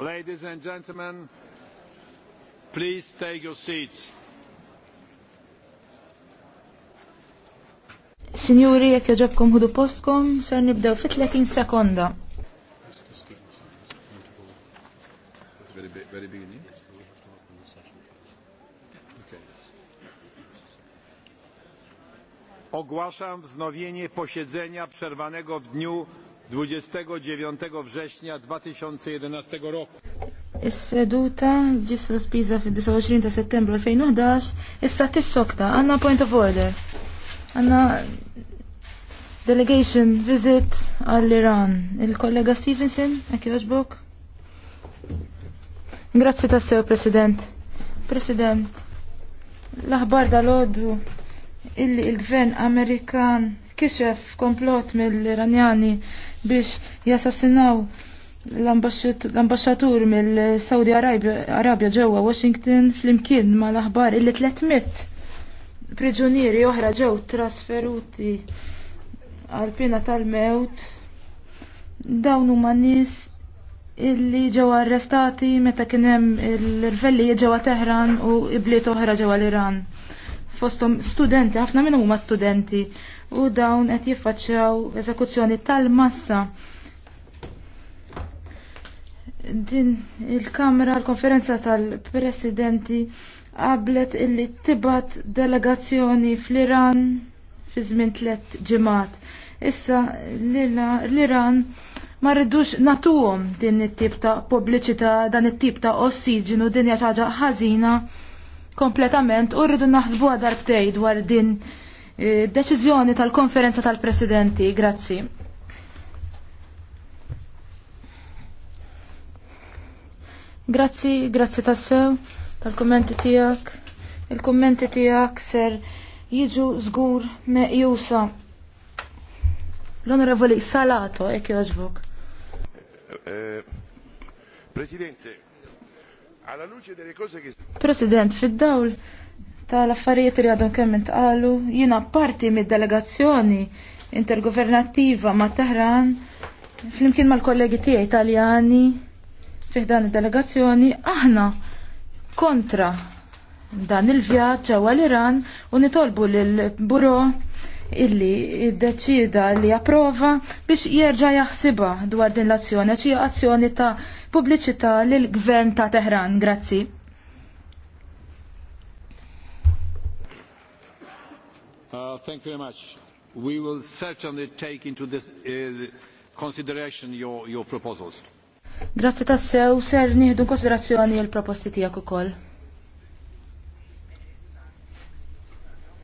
Ladies and gentlemen, please take your seats. Signori, jekk joġobkom ħudu postkom, ser nibdew fit 30 sekonda. Very beginning. Ogłaszam wznowienie posiedzenia przerwanego w dniu 29 września 2011 roku. Is-seduta ġis sospiża fil 29 ta' settembru 2011, issa tissokta, għanna point of order. Għanna delegation visit għall-Iran. Il-kollega Stevenson, ekki oġbok? Grazzi ta' sew, President. President, l-aħbar dal-ħodu illi il-gvern Amerikan kixef komplot mill-Iranjani biex jasassinaw l ambasġatur mill-Saudi Arabja ġewwa Washington flimkien mal-aħbar illi 300 priġunieri oħra ġew trasferuti għal pina tal-mewt dawn huma nies illi ġew arrestati meta kien hemm il-rvelli ġewwa Teħran u bliet oħra ġewwa l-Iran fostom studenti, ħafna minnhom huma studenti u dawn qed jiffaċċjaw eżekuzzjoni tal-massa. Din il-Kamra l-Konferenza tal-Presidenti qablet illi tibat delegazzjoni fl-Iran fi żmien tliet ġimgħat. Issa l-Iran ma rridux natuhom din it-tip ta' pubbliċità, dan it-tip ta' ossiġenu, din hija ħaġa ħażina kompletament u rridu naħsbu darbtej dwar din eh, deċiżjoni tal-konferenza tal-presidenti. Grazzi. Grazzi, grazzi tassew tal-kommenti tijak. Il-kommenti tijak ser jiġu zgur jusa. L-onorevoli Salato, ek joġbuk. Eh, presidente, President, fid-dawl tal-affarijiet li għadhom kemm intqalu, jiena parti mid-delegazzjoni intergovernattiva ma' Teheran flimkien mal-kollegi tiegħi Italjani fih dan id-delegazzjoni aħna kontra dan il-vjaġġ għal iran u nitolbu lill buro illi id-deċida li approva biex jerġa' jaħsibha dwar din l-azzjoni xi azzjoni ta' pubbliċità lill gvern ta' Teheran. Grazzi. Uh, thank you very much. We will certainly take into this uh, consideration your, your proposals. Grazzi tassew, ser nieħdu konsiderazzjoni l-proposti tiegħek ukoll.